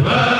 Akbar